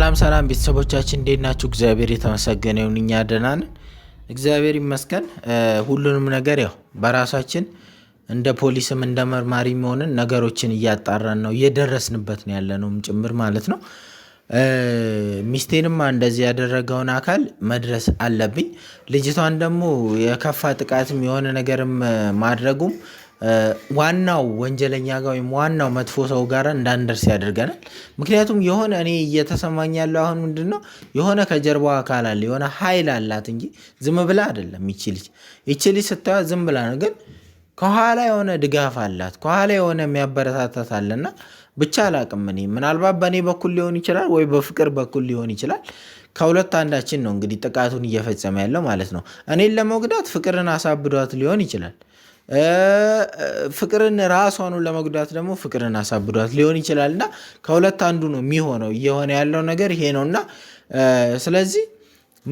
ሰላም ሰላም ቤተሰቦቻችን እንዴት ናችሁ? እግዚአብሔር የተመሰገነ ይሁን፣ እኛ ደህና ነን፣ እግዚአብሔር ይመስገን። ሁሉንም ነገር ያው በራሳችን እንደ ፖሊስም እንደ መርማሪ መሆንን ነገሮችን እያጣራን ነው እየደረስንበት ነው ያለነውም ጭምር ማለት ነው። ሚስቴንማ እንደዚህ ያደረገውን አካል መድረስ አለብኝ። ልጅቷን ደግሞ የከፋ ጥቃትም የሆነ ነገርም ማድረጉም ዋናው ወንጀለኛ ጋር ወይም ዋናው መጥፎ ሰው ጋር እንዳንደርስ ያደርገናል። ምክንያቱም የሆነ እኔ እየተሰማኝ ያለው አሁን ምንድን ነው የሆነ ከጀርባ አካል አለ፣ የሆነ ኃይል አላት እንጂ ዝም ብላ አይደለም። ይቺ ልጅ ይቺ ልጅ ዝም ብላ ነው፣ ግን ከኋላ የሆነ ድጋፍ አላት፣ ከኋላ የሆነ የሚያበረታታት አለና ብቻ አላቅም። እኔ ምናልባት በእኔ በኩል ሊሆን ይችላል ወይ በፍቅር በኩል ሊሆን ይችላል። ከሁለት አንዳችን ነው እንግዲህ ጥቃቱን እየፈጸመ ያለው ማለት ነው። እኔን ለመጉዳት ፍቅርን አሳብዷት ሊሆን ይችላል ፍቅርን ራሷኑን ለመጉዳት ደግሞ ፍቅርን አሳብዷት ሊሆን ይችላል እና ከሁለት አንዱ ነው የሚሆነው። እየሆነ ያለው ነገር ይሄ ነው እና ስለዚህ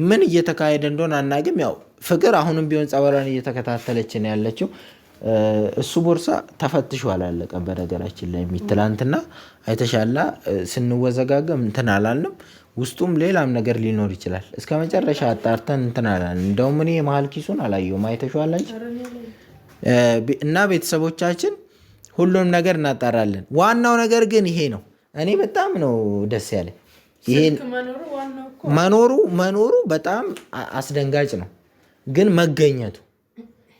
ምን እየተካሄደ እንደሆነ አናግም። ያው ፍቅር አሁንም ቢሆን ጸበሏን እየተከታተለች ነው ያለችው። እሱ ቦርሳ ተፈትሾ አላለቀም። በነገራችን ላይ ትናንትና አይተሻላ ስንወዘጋገም እንትን አላልንም። ውስጡም ሌላም ነገር ሊኖር ይችላል። እስከ መጨረሻ አጣርተን እንትን አላልንም። እንደውም እኔ የመሀል ኪሱን አላየሁም። አይተሸዋል አንቺ እና ቤተሰቦቻችን ሁሉንም ነገር እናጣራለን። ዋናው ነገር ግን ይሄ ነው። እኔ በጣም ነው ደስ ያለ መኖሩ መኖሩ በጣም አስደንጋጭ ነው። ግን መገኘቱ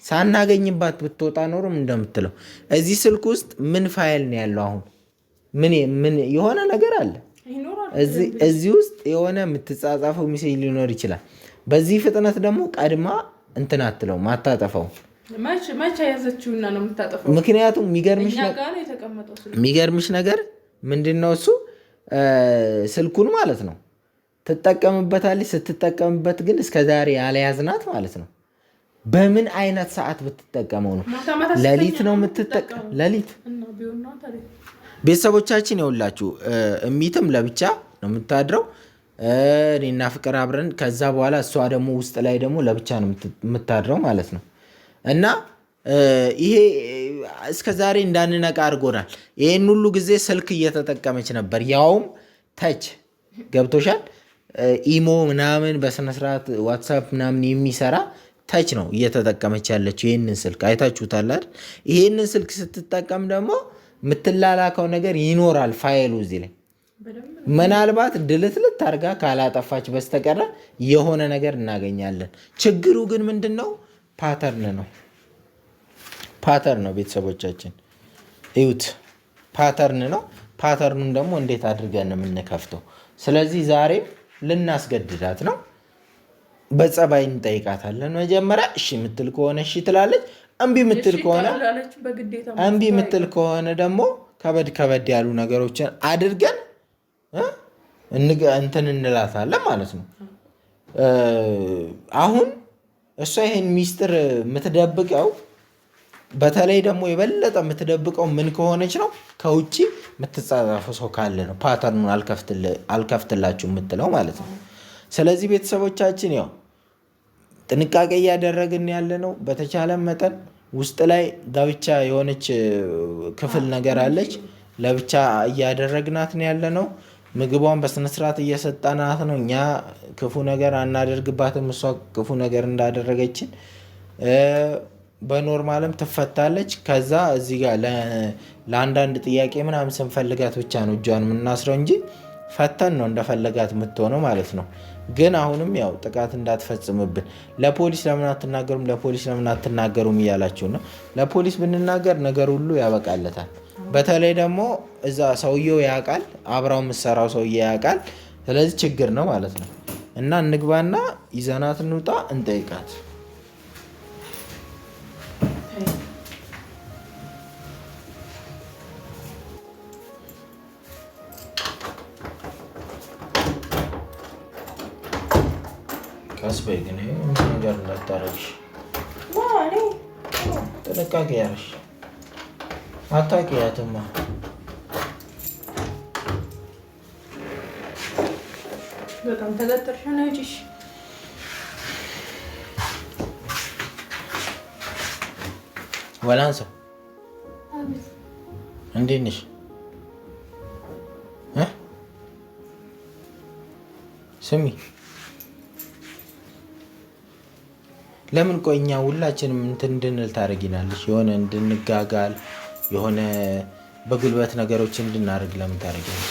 ሳናገኝባት ብትወጣ ኖሩም እንደምትለው እዚህ ስልክ ውስጥ ምን ፋይል ነው ያለው? አሁን ምን የሆነ ነገር አለ እዚህ ውስጥ የሆነ የምትጻጻፈው ሚሴጅ ሊኖር ይችላል። በዚህ ፍጥነት ደግሞ ቀድማ እንትን አትለውም አታጠፋውም። ምክንያቱም የሚገርምሽ ነገር ምንድን ነው እሱ ስልኩን ማለት ነው ትጠቀምበታለች። ስትጠቀምበት ግን እስከዛሬ ያለያዝናት ማለት ነው። በምን አይነት ሰዓት ብትጠቀመው ነው? ሌሊት ነው የምትጠቀም ሌሊት። ቤተሰቦቻችን የውላችሁ እሚትም ለብቻ ነው የምታድረው እኔና ፍቅር አብረን። ከዛ በኋላ እሷ ደግሞ ውስጥ ላይ ደግሞ ለብቻ ነው የምታድረው ማለት ነው። እና ይሄ እስከ ዛሬ እንዳንነቃ አድርጎናል። ይህን ሁሉ ጊዜ ስልክ እየተጠቀመች ነበር፣ ያውም ተች ገብቶሻል። ኢሞ ምናምን በስነስርዓት ዋትሳፕ ምናምን የሚሰራ ተች ነው እየተጠቀመች ያለችው። ይህንን ስልክ አይታችሁታላል። ይህንን ስልክ ስትጠቀም ደግሞ የምትላላከው ነገር ይኖራል ፋይሉ እዚህ ላይ ምናልባት ድልትልት አድርጋ ካላጠፋች በስተቀረ የሆነ ነገር እናገኛለን። ችግሩ ግን ምንድን ነው? ፓተርን ነው። ፓተርን ነው ቤተሰቦቻችን እዩት። ፓተርን ነው። ፓተርኑን ደግሞ እንዴት አድርገን የምንከፍተው? ስለዚህ ዛሬም ልናስገድዳት ነው። በጸባይ እንጠይቃታለን። መጀመሪያ እሺ የምትል ከሆነ እሺ ትላለች። እምቢ የምትል ከሆነ እምቢ የምትል ከሆነ ደግሞ ከበድ ከበድ ያሉ ነገሮችን አድርገን እንትን እንላታለን ማለት ነው አሁን እሷ ይሄን ሚስጥር የምትደብቀው በተለይ ደግሞ የበለጠ የምትደብቀው ምን ከሆነች ነው? ከውጭ የምትጻጻፉ ሰው ካለ ነው ፓተርኑን አልከፍትላችሁ የምትለው ማለት ነው። ስለዚህ ቤተሰቦቻችን ያው ጥንቃቄ እያደረግን ያለ ነው። በተቻለ መጠን ውስጥ ላይ ጋብቻ የሆነች ክፍል ነገር አለች። ለብቻ እያደረግናት ነው ያለ ነው። ምግቧን በስነስርዓት እየሰጠናት ነው። እኛ ክፉ ነገር አናደርግባትም እሷ ክፉ ነገር እንዳደረገችን በኖርማልም ትፈታለች። ከዛ እዚህ ጋር ለአንዳንድ ጥያቄ ምናምን ስንፈልጋት ብቻ ነው እጇን የምናስረው እንጂ ፈተን ነው እንደፈለጋት የምትሆነው ማለት ነው። ግን አሁንም ያው ጥቃት እንዳትፈጽምብን ለፖሊስ ለምን አትናገሩም፣ ለፖሊስ ለምን አትናገሩም እያላችሁ ነው። ለፖሊስ ብንናገር ነገር ሁሉ ያበቃለታል። በተለይ ደግሞ እዛ ሰውየው ያውቃል፣ አብራው የምትሰራው ሰውዬ ያውቃል። ስለዚህ ችግር ነው ማለት ነው። እና እንግባና ይዘናት እንውጣ፣ እንጠይቃት። ቀስ በይ ግን ነገር እንዳታረግሽ፣ ጥንቃቄ ያረሽ አታውቂያትማ። በጣም ተገጠርሽ ነው ጭሽ እንዴት ነሽ? ስሚ ለምን ቆይ እኛ ሁላችንም እንትን እንድንል ታደርጊናለሽ? የሆነ እንድንጋጋል የሆነ በጉልበት ነገሮች እንድናደርግ ለምን ታደርጊያለሽ?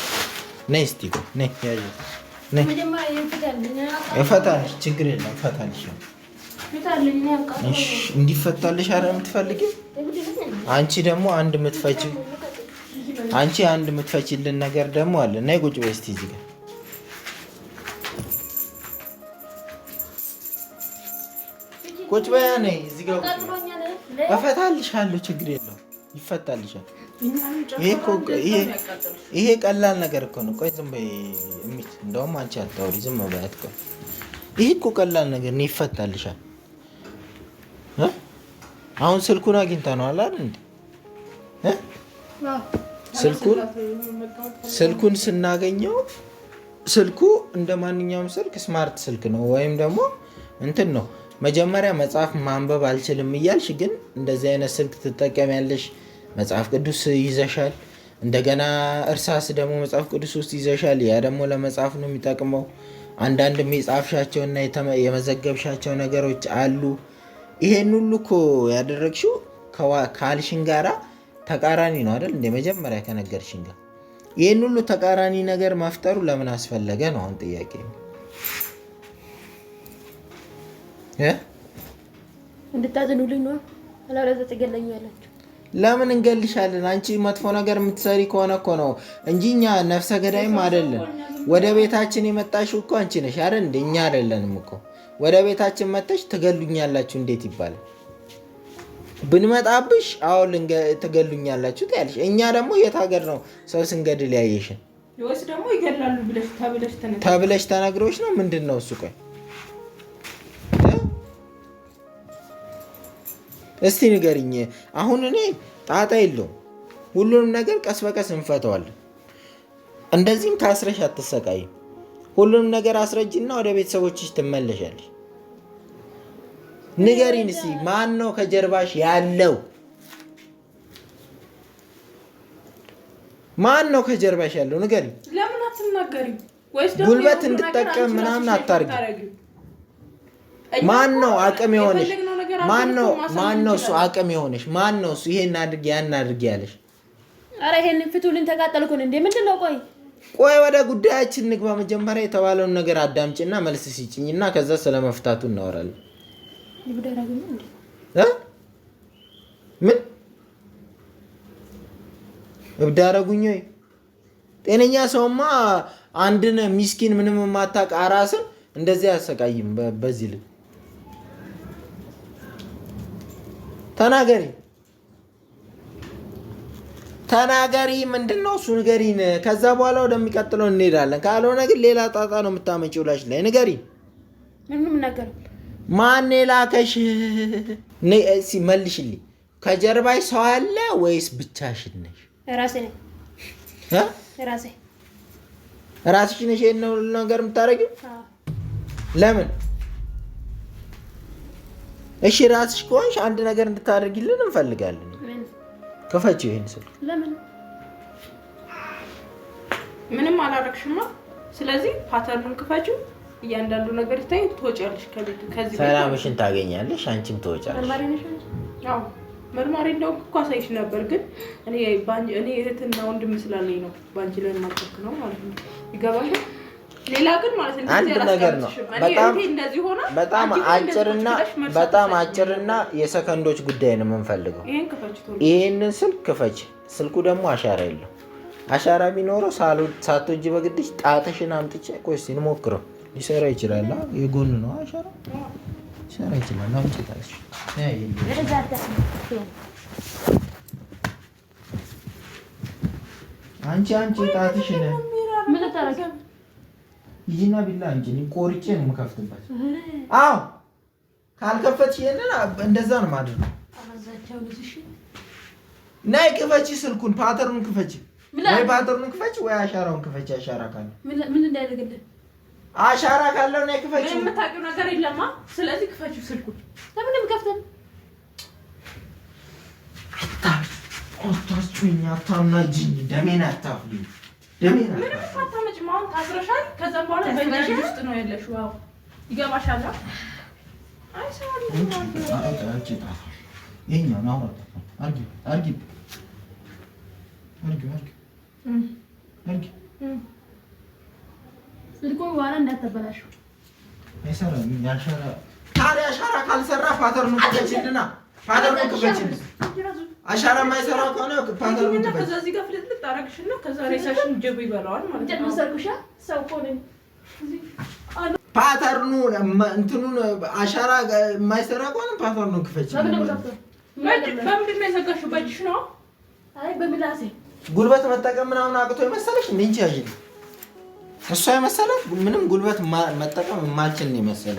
ነይ እስኪ ነይ ችግር የለም እፈታልሽ። እንዲፈታልሽ አረ የምትፈልግ አንቺ ደግሞ አንድ የምትፈች አንቺ አንድ የምትፈችልን ነገር ደግሞ አለ። ነይ ቁጭ በይ እስኪ እዚህ ጋር ቁጭ በይ ነይ እዚህ ጋር እፈታልሻለሁ። ችግር የለም ይፈታልሻል። ይሄ ቀላል ነገር እኮ ነው። ቆይ ዝም በይ እንደውም አንቺ አታውሪ፣ ዝም ይሄ እኮ ቀላል ነገር ነው፣ ይፈታልሻል። አሁን ስልኩን አግኝታ ነው አላል እንዴ? ስልኩን ስልኩን ስናገኘው ስልኩ እንደ ማንኛውም ስልክ ስማርት ስልክ ነው ወይም ደግሞ እንትን ነው መጀመሪያ መጽሐፍ ማንበብ አልችልም እያልሽ ግን እንደዚህ አይነት ስልክ ትጠቀሚያለሽ። መጽሐፍ ቅዱስ ይዘሻል እንደገና እርሳስ ደግሞ መጽሐፍ ቅዱስ ውስጥ ይዘሻል። ያ ደግሞ ለመጽሐፍ ነው የሚጠቅመው። አንዳንድ የጻፍሻቸውና የመዘገብሻቸው ነገሮች አሉ። ይሄን ሁሉ እኮ ያደረግሽው ካልሽን ጋራ ተቃራኒ ነው አይደል? እንደ መጀመሪያ ከነገርሽን ጋር ይህን ሁሉ ተቃራኒ ነገር መፍጠሩ ለምን አስፈለገ ነው አሁን ጥያቄ። እንድታዝኑልኝ ነው። አላረዘ ትገለኛላችሁ። ለምን እንገልሻለን? አንቺ መጥፎ ነገር የምትሰሪ ከሆነ እኮ ነው እንጂ እኛ ነፍሰ ገዳይም አይደለን። ወደ ቤታችን የመጣሽው እኮ አንቺ ነሽ አይደል? እንደ እኛ አይደለንም እኮ ወደ ቤታችን መጥተሽ ትገሉኛላችሁ እንዴት ይባላል? ብንመጣብሽ አሁን ትገሉኛላችሁ ትያለሽ። እኛ ደግሞ የት ሀገር ነው ሰው ስንገድል ያየሽን ተብለሽ ተነግሮች ነው ምንድን ነው እሱ? ቆይ እስቲ ንገርኝ። አሁን እኔ ጣጣ የለውም፣ ሁሉንም ነገር ቀስ በቀስ እንፈተዋለን። እንደዚህም ታስረሽ አትሰቃይም። ሁሉንም ነገር አስረጅና ወደ ቤተሰቦችሽ ትመለሻለሽ። ንገሪን እስቲ ማን ነው ከጀርባሽ ያለው? ማን ነው ከጀርባሽ ያለው? ንገሪኝ። ጉልበት እንድጠቀም ምናምን አታርጊ ማን ነው አቅም የሆነሽ? ማን ነው ማን ነው እሱ አቅም የሆነሽ? ማን ነው እሱ ይሄን አድርጌ ያን አድርጌ ያለሽ? አረ ይሄን ፍቱልን፣ ተቃጠልኩን እንዴ! ምንድን ነው? ቆይ ቆይ፣ ወደ ጉዳያችን ንግባ። መጀመሪያ የተባለውን ነገር አዳምጭና መልስ ሲጭኝና ከዛ ስለመፍታቱ እናወራለን። ምን እብድ አደረጉኝ ወይ? ጤነኛ ሰውማ አንድን ሚስኪን ምንም የማታውቅ አራስን እንደዚህ አያሰቃይም በዚህ ልክ ተናገሪ ተናገሪ ምንድን ነው እሱ ንገሪን። ከዛ በኋላ ወደሚቀጥለው እንሄዳለን። ካልሆነ ግን ሌላ ጣጣ ነው የምታመጪው። ላሽ ላይ ንገሪ። ምንም ነገር ማን የላከሽ መልሽልኝ። ከጀርባሽ ሰው አለ ወይስ ብቻሽን ነሽ? ራሴ ራሴ ራስሽ ነሽ? ነገር የምታደርጊው? ለምን እሺ ራስሽ ከሆንሽ አንድ ነገር እንድታደርጊልን እንፈልጋለን። ክፈችው ይህን ስልክ። ለምን? ምንም አላረግሽማ። ስለዚህ ፓተርኑን ክፈችው፣ እያንዳንዱ ነገር ይታይ። ትወጫለሽ፣ ከቤቱ ከዚህ ሰላምሽን ታገኛለሽ፣ አንቺም ትወጫለሽ። መርማሪ እንደው እኮ አሳይሽ ነበር፣ ግን እኔ እህትና ወንድም ስላለኝ ነው። በአንቺ ላይ ማጠክ ነው ማለት ነው። ይገባል አንድ ነገር ነው። በጣም በጣም አጭርና በጣም አጭርና የሰከንዶች ጉዳይ ነው የምንፈልገው። ይሄንን ስልክ ክፈች። ስልኩ ደግሞ አሻራ የለው። አሻራ ሳሉ ሳትወጂ በግድሽ ጣትሽን አምጥቼ ቆይ እስኪ እንሞክረው። ሊሰራ ይችላል። የጎን ነው አሻራ ሊሰራ ይችላል። አምጪ ጣትሽ አንቺ አንቺ ጣትሽን ይህና ቢላ እንጂ ቆርጬ ነው የምከፍትበት። አዎ ካልከፈች ይሄንን እንደዛ ነው ማድረግ። ናይ ክፈች፣ ስልኩን ፓተርኑን ክፈች፣ ወይ ፓተርኑን ክፈች፣ ወይ አሻራውን ክፈች። አሻራ ካለ ምን እንዳያደርግልህ፣ አሻራ ካለው ናይ ክፈች። የምታውቂው ነገር የለማ። ስለዚህ ክፈችው ስልኩን። ለምንም ከፍተን አታምናጅኝ፣ ደሜን አታፍልኝ ምንም አታመጭም። አሁን ታስረሻል። ከዛም በኋላ በእንዳንድ ውስጥ ነው ያለሽው። አዎ ይገባሻል። በኋላ እንዳታበላሽው። ታዲያ ሻራ ካልሰራ ፋተር ነው አሻራ የማይሰራ ከሆነ ፓተር ምንድን ነው? ከዛ እዚህ ጋር ፍልጥ ልጥ አደረግሽና ከዛ ሬሳሽን ጀቡ ይበላዋል ማለት ነው። ሰው ፓተርኑ እንትኑን አሻራ የማይሰራ ከሆነ ነው ክፈች። በምንድን ነው የዘጋሽው? በእጅሽ ነው? አይ በምላሴ ጉልበት መጠቀም ምናምን አቅቶ የመሰለሽ እንጂ ያዥ እሷ የመሰለሽ ምንም ጉልበት መጠቀም የማልችል ነው የመሰለ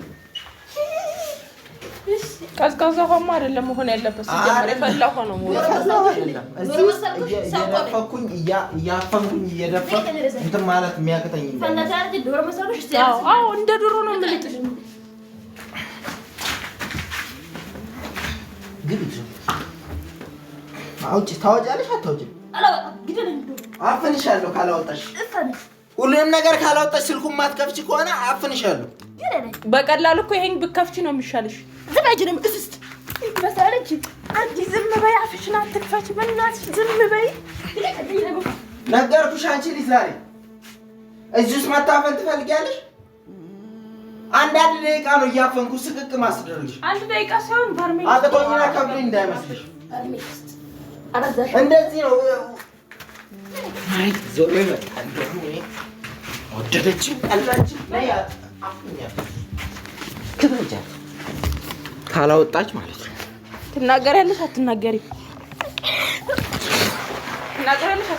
ቀዝቃዛ ውሃማ አይደለም መሆን ያለበት። ሲጀመር የፈላ ውሃ ነው መሆን እያፈንኩኝ እየደፈንኩ እንትን ማለት የሚያቅተኝ እንደ ዶሮ ነው የምልጥሽ። አውጪ ታወጫለሽ፣ አታወጪም? አፍንሻለሁ ካላወጣሽ፣ ሁሉንም ነገር ካላወጣሽ፣ ስልኩን ማትከፍች ከሆነ አፍንሻለሁ። በቀላሉ እኮ ይሄን ብከፍቺ ነው የሚሻልሽ። ዝም በይ ነው የምትስስት መሰለኝ። አንቺ ዝም በይ፣ አፍሽን አትክፈች። በእናትሽ ዝም በይ። ነገርኩሽ። አንቺ ልጅ ዛሬ እዚህ ውስጥ መታፈን ትፈልጊያለሽ? አንዳንድ ደቂቃ ነው እያፈንኩ ስቅቅ ማስደርግሽ። አንድ ደቂቃ ሳይሆን በርሜል አጥቆኝና ከብሪ እንዳይመስልሽ። እንደዚህ ነው ይመጣል። ወደደችም ጠላችም ክበጃት ካላወጣች ማለት ነው። ትናገሪያለሽ? አትናገሪም?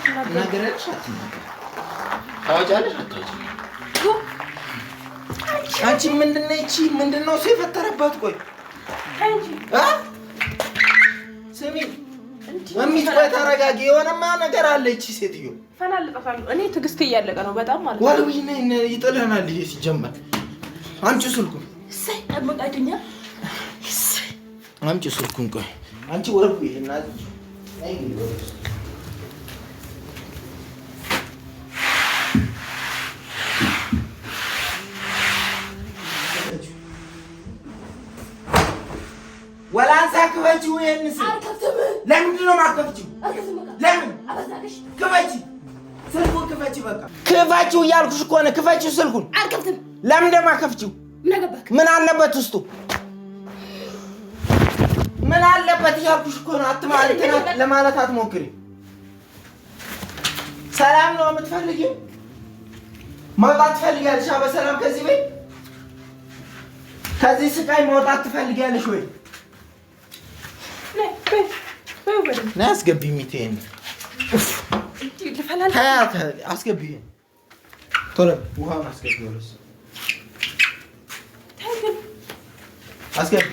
ትናገሪያለሽ? ታወጫለሽ? አንቺ ምንድን ነው ይቺ ምንድን ነው የፈጠረባት? ቆይ ስሚ መሚት ተረጋጊ። የሆነማ ነገር አለ። እቺ ሴትዮ ፈላልጣታለሁ እኔ። ትዕግስት እያለቀ ነው በጣም ማለት ነው። ወልዊ ይጥልህናል። ይሄ ሲጀመር አምጪ ስልኩን። እሰይ ጠብቃችኛ። አምጪ ስልኩን። ቆይ አንቺ ወልዊ ይሄና ወላንሳ ክበችው ይሄን ስል ለምንድን ነው የማትከፍቺው? ለምን ክፈቺ፣ ስልኩን ክፈቺ። በቃ ክፈቺው እያልኩሽ ክፈቺው ስልኩን። አልከፍትም። ምን አለበት ውስጡ ምን አለበት እያልኩሽ እኮ ነው። አትማለት ለማለት አትሞክሪ። ሰላም ነው የምትፈልጊው? መውጣት ትፈልጊያለሽ? በሰላም ከዚህ ቤት ከዚህ ስቃይ መውጣት ትፈልጊያለሽ ወይ? ناس قبي 200 اوف حياتها اسقبي طلب وها ناس قبي ولس اسقبي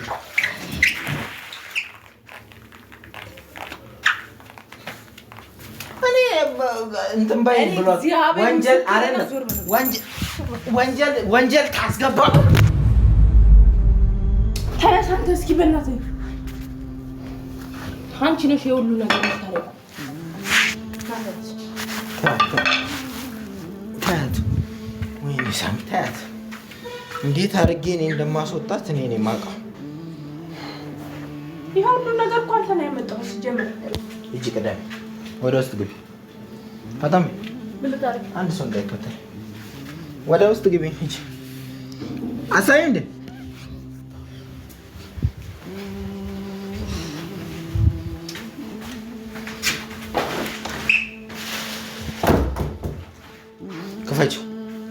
انت مبين وانجل انا وانجل وانجل وانجل تاسقبا ترى شنطه سكي بنتي አንቺ ነሽ የሁሉ ነገር ታያት ወይኔ ሳሚ ታያት፣ እንዴት አድርጌ እኔ እንደማስወጣት እኔ ነው የማውቀው። ይሄ ሁሉ ነገር እኮ አንተ ነው ያመጣው ሲጀምር። እጅ ቅዳሜ ወደ ውስጥ ግቢ ፈጣን፣ አንድ ሰው እንዳይከተል ወደ ውስጥ ግቢ። እጅ አሳይ እንዴ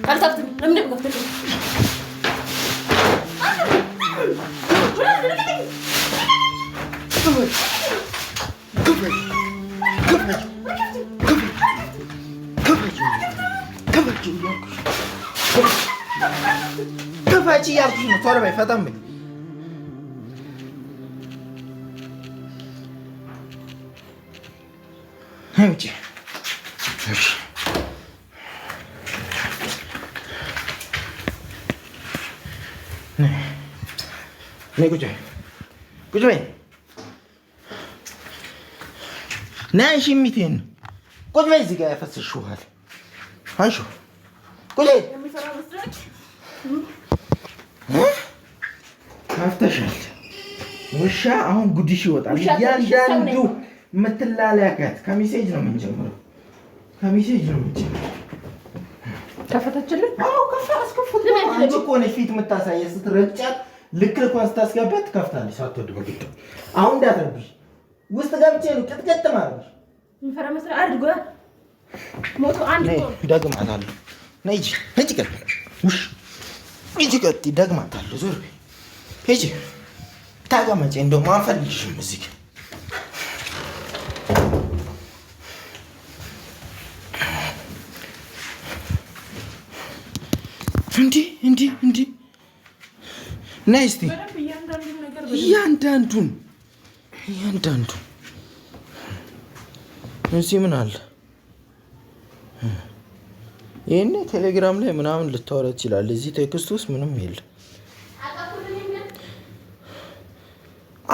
ካልታብት ለምን ደብቀፍት ክፈች እያልኩሽ ነው። ቶሎ በይ፣ ፈጠን በይ። ውጭ ነይ ቁጭ ቁጭ በይ ነይ አንሺ እሚቴን ቁጭ በይ እዚህ ጋር ያፈስሽው ውሀል ቁጭ በይ ካፍተሻል ውሻ አሁን ጉድሽ ይወጣል እያንዳንዱ የምትላለያካት ከሜሴጅ ነው የምንጀምረው ከሜሴጅ ነው የምንጀምረው ከፈተችልን አዎ ከፈ አስከፉት ፊት የምታሳየ ስትረግጫት ልክ ልኳን ስታስገባት ትከፍታለች ሳትወድ በግድ። አሁን እንዳትረብሽ ውስጥ ገብቼ ነው ቅጥቅጥ ማረብሽ ደግማታለሁ። ነይ ሂጂ ቀጥ ውሽ ሂጂ ቀጥ ዞር ሂጂ እንደውም እዚህ ነይ እስቲ እያንዳንዱን እያንዳንዱን እዚህ ምን አለ? ይህኔ ቴሌግራም ላይ ምናምን ልታወራ ትችላለህ። እዚህ ቴክስት ውስጥ ምንም የለም።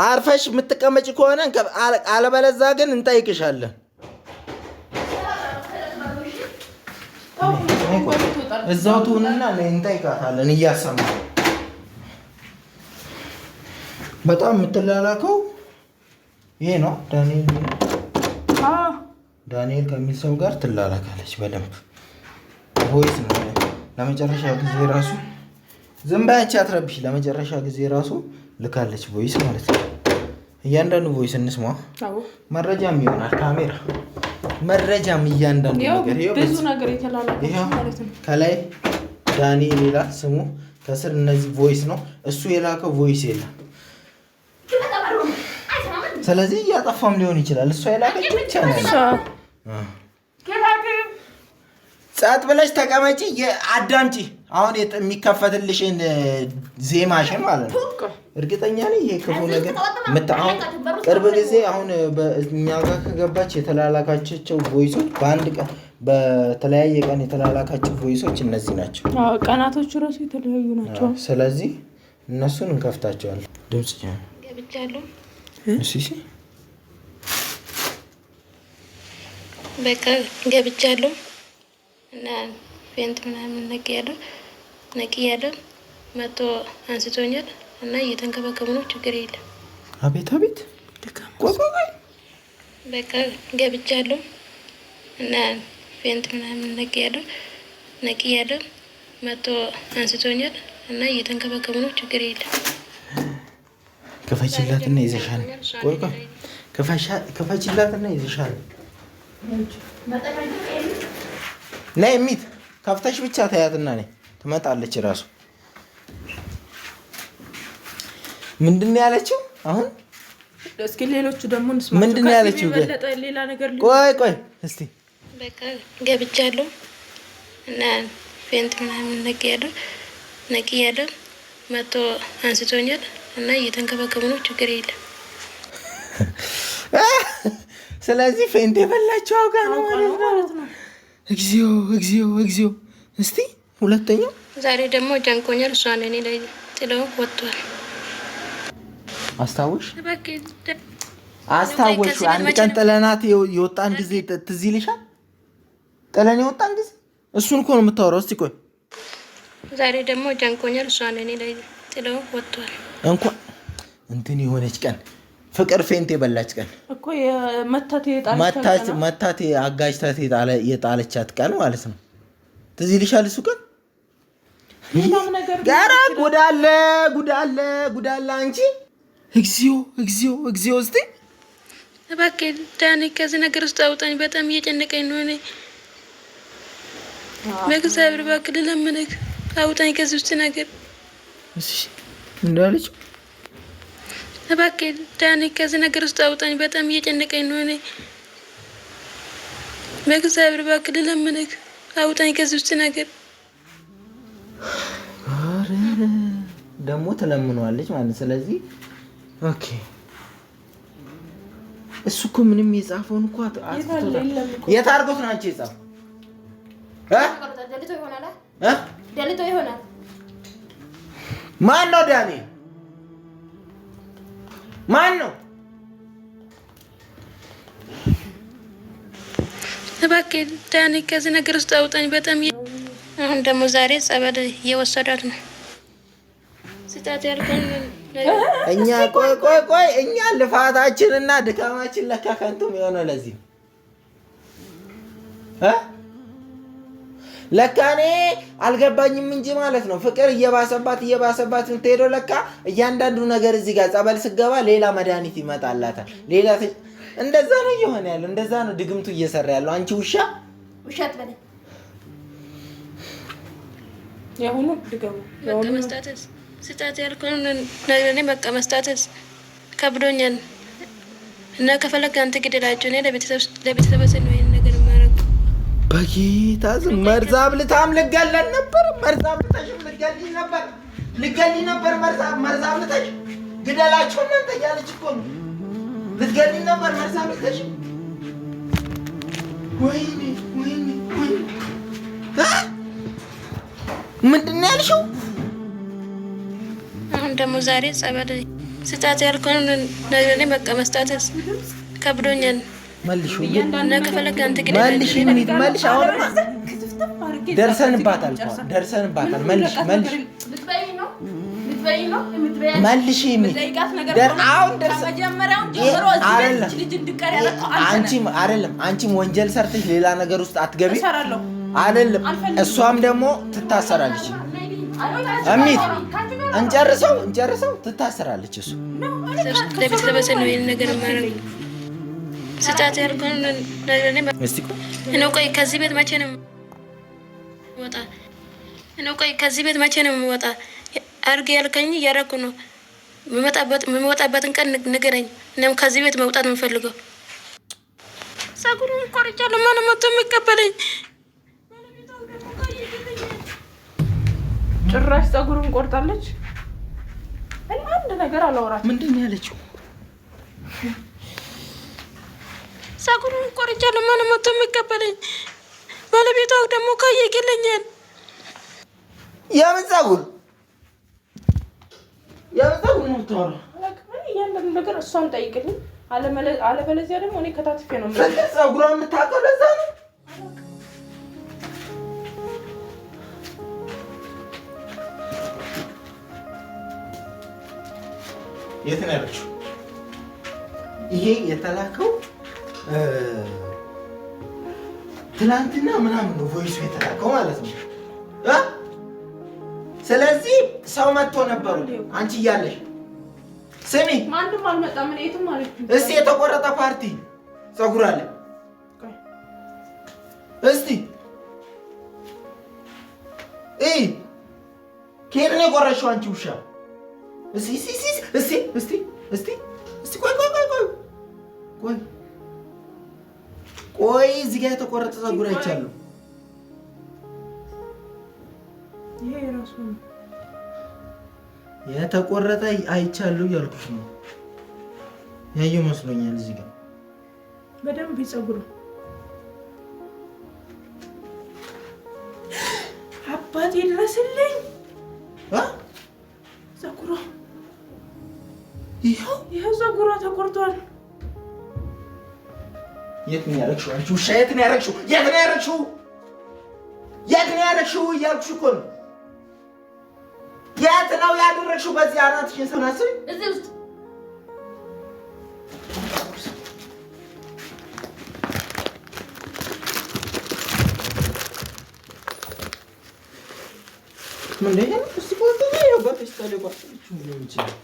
አርፈሽ የምትቀመጭ ከሆነ አለበለዛ ግን እንጠይቅሻለን። እዛው ትሁንና እንጠይቃታለን እያሰማል በጣም የምትላላከው ይሄ ነው ዳንኤል። ዳንኤል ከሚል ሰው ጋር ትላላካለች በደንብ ቮይስ ነው። ለመጨረሻ ጊዜ ራሱ ዝም አትረብሽ። ለመጨረሻ ጊዜ ራሱ ልካለች ቮይስ ማለት ነው። እያንዳንዱ ቮይስ እንስማ፣ መረጃም ይሆናል ካሜራ መረጃም እያንዳንዱ ነገር ከላይ ዳንኤል ይላል ስሙ፣ ከስር እነዚህ ቮይስ ነው። እሱ የላከው ቮይስ የለም ስለዚህ እያጠፋም ሊሆን ይችላል። እሷ የላከችው ብቻ ነው። ጸጥ ብለሽ ተቀመጪ፣ አዳምጪ። አሁን የሚከፈትልሽን ዜማሽን ማለት ነው። እርግጠኛ ነኝ ይሄ ክፉ ነገር ምታሁን ቅርብ ጊዜ አሁን እኛ ጋር ከገባች የተላላካቸው ቮይሶች በአንድ ቀን በተለያየ ቀን የተላላካቸው ቮይሶች እነዚህ ናቸው። ቀናቶቹ ራሱ የተለያዩ ናቸው። ስለዚህ እነሱን እንከፍታቸዋለን። ድምፅ ገብቻለሁ በቃ ገብቻለሁ እና ፌንት ምናምን ነቅ ያለው ነቅ ያለው መጥቶ አንስቶኛል እና እየተንከባከቡ ነው። ችግር የለም። አቤት አቤት፣ በቃ ገብቻለሁ እና ፌንት ምናምን ነቅ ያለው ነቅ ያለው መጥቶ አንስቶኛል እና እየተንከባከቡ ነው። ችግር የለም። ክፈችላትና ይዘሻል። ቆይ ቆይ ክፈችላትና ይዘሻል። ነይ ሚት ከፍተሽ ብቻ ታያትና ነይ ትመጣለች። ራሱ ምንድን ነው ያለችው? አሁን እስኪ ሌሎቹ ደግሞ ምንድን ነው ያለችው? ቆይ ቆይ እስቲ በቃ ገብቻለሁ እና ፌንት ምናምን ነቅ ያለው ነቅ ያለው መቶ አንስቶኛል እና እየተንከባከቡ ነው። ችግር የለም። ስለዚህ ፌንድ የበላቸው አውጋ ነው ማለት ነው። እግዚኦ እግዚኦ እግዚኦ። እስቲ ሁለተኛው ዛሬ ደግሞ ጨንቆኛል። እሷን እኔ ላይ ጥለው ወጥቷል። አስታውሽ አስታወሹ አንድ ቀን ጥለናት የወጣን ጊዜ ትዝ ይልሻል? ጥለን የወጣን ጊዜ እሱን እኮ ነው የምታወራው። እስቲ ቆይ ዛሬ ደግሞ ጨንቆኛል። እሷን እኔ ላይ ጥለው ወጥቷል። እንኳን እንትን የሆነች ቀን ፍቅር ፌንት የበላች ቀን መታት አጋጅታት የጣለቻት ቀን ማለት ነው። ትዝ ይልሻል እሱ ቀን ጋራ ጉዳለ ጉዳለ ጉዳለ አንቺ እግዚኦ እግዚኦ እግዚኦ ስ እባክህ ዳኒ ከዚህ ነገር ውስጥ አውጣኝ። በጣም እየጨነቀኝ ነው። እኔ በእግዚአብሔር እባክህ ልለምንህ አውጣኝ ከዚህ ውስጥ ነገር እንዳለች እባክህ ዳኒ ከዚህ ነገር ውስጥ አውጣኝ፣ በጣም እየጨነቀኝ ነው። እኔ በእግዚአብሔር እባክህ ልለምንህ አውጣኝ ከዚህ ውስጥ ነገር። ደግሞ ትለምነዋለች ማለት ስለዚህ ኦኬ እሱ እኮ ምንም የጻፈውን እኮ የት አድርጎት ነው አንቺ የጻፈው? ደልቶ ይሆናል። ማን ነው ዳንኤል? ማን ነው? እባክህ ዳንኤል ከዚህ ነገር ውስጥ አውጣኝ። በጣም አሁን ደግሞ ዛሬ ጸበል እየወሰዳት ነው። ስጣት ያልከኝ እኛ ቆይ ቆይ ቆይ እኛ ልፋታችንና ድካማችን ለካ ከንቱም የሆነው ለዚህ ነው። ለካ እኔ አልገባኝም እንጂ ማለት ነው። ፍቅር እየባሰባት እየባሰባት ምትሄደው ለካ እያንዳንዱ ነገር እዚህ ጋር ጸበል ስገባ ሌላ መድኃኒት ይመጣላታል። ሌላ እንደዛ ነው እየሆነ ያለው። እንደዛ ነው ድግምቱ እየሰራ ያለው። አንቺ ውሻ ውሻት በላይ የአሁኑ ድገሙ ስጣት ያልኩህን ነገር እኔ በቃ መስጣትስ ከብዶኛል እና ከፈለግ አንተ ግደላቸው እኔ ለቤተሰብ ለቤተሰብ ነው በጌታዝ መርዛብ ልታም ልገለን ነበር። መርዛብ ልተሽ ልገሊ ነበር ልገሊ ነበር። መርዛብ መርዛብ ልተሽ ግደላችሁ እናንተ እያለች እኮ ነው ልትገሊ ነበር። መርዛብ ልተሽ ወይኔ ወይኔ ወይኔ ምንድን ነው ያልሽው? አሁን ደግሞ ዛሬ ጸበል ስጣት ያልኩህን ነገር በቃ መስጣት ከብዶኛል። መልሽ መልሽ። አሁንማ ደርሰንባታል ደርሰንባታል። መልሽ መልሽ መልሽ አይደለም። አንቺም ወንጀል ሰርተሽ ሌላ ነገር ውስጥ አትገቢ አይደለም። እሷም ደግሞ ትታሰራለች። እሚት እንጨርሰው እንጨርሰው፣ ትታሰራለች እሱ ስጫት ያልኩን እኔ ቆይ ከዚህ ቤት መቼ ነው ወጣ? እኔ ቆይ ከዚህ ቤት መቼ ነው የምወጣ? አርግ ያልከኝ እያደረኩ ነው። የምወጣበትን ቀን ንገረኝ። እኔም ከዚህ ቤት መውጣት የምፈልገው ጸጉሩን ቆርጫ ለማን የሚቀበለኝ ጭራሽ ጸጉሩን ቆርጣለች። አንድ ነገር አላወራችም። ምንድን ነው ያለችው? ጸጉሩን ቆርጫለሁ። ማንም መቶ የሚቀበለኝ ባለቤቷ ደግሞ ካየክ ይለኛል። የምን ጸጉር የምን ጸጉር ነው የምታወራው? እያንዳንዱ ነገር እሷን ጠይቅልኝ። አለበለዚያ ደግሞ እኔ ከታትፌ ነው ጸጉሯን የምታውቀው። ለዛ ነው የት ነው ያለችው? ይሄ የተላከው ትናንትና ምናምን ነው ቮይሱ የተላከው ማለት ነው። ስለዚህ ሰው መጥቶ ነበሩ አንቺ እያለሽ ስሚ፣ ማንም አልመጣም። እስቲ የተቆረጠ ፓርቲ ፀጉር አለ እስቲ ከየት ነው የቆረሽው አንቺ ውሻ? እስቲ እስቲ እስቲ እስቲ ቆይ ቆይ ቆይ ቆይ ቆይ እዚህ ጋር የተቆረጠ ፀጉር አይቻለሁ። የተቆረጠ አይቻለሁ እያልኩሽ ነው። ያየው መስሎኛል። እዚህ ጋር በደንብ ፀጉር የት ነው ያደረግሽው? አንቺ ውሻ የት ነው ያደረግሽው? የት ነው ያደረግሽው? የት ነው ያደረግሽው እያልኩሽ እኮ ነው። የት ነው ያደረግሽው? በዚህ አናትሽን ስናስብ እዚህ ውስጥ ምንድን ነው? እስቲ ቆይ ብዬሽ ነው በፌስታል የቋጠረችው ሊሆን ይችላል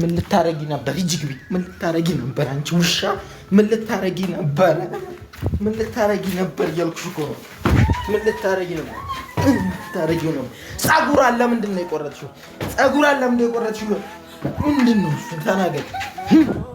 ምን ልታረጊ ነበር? ሂጂ ግቢ። ምን ልታረጊ ነበር? አንቺ ውሻ ምን ልታረጊ ነበር? ምን ልታረጊ ነበር እያልኩሽ እኮ ነው። ምን ልታረጊ ነበር? ታረጊ ነው። ፀጉር አለ። ምንድን ነው የቆረጥሽው? ፀጉር አለ። ምንድን ነው የቆረጥሽው? ምንድን ነው ተናገር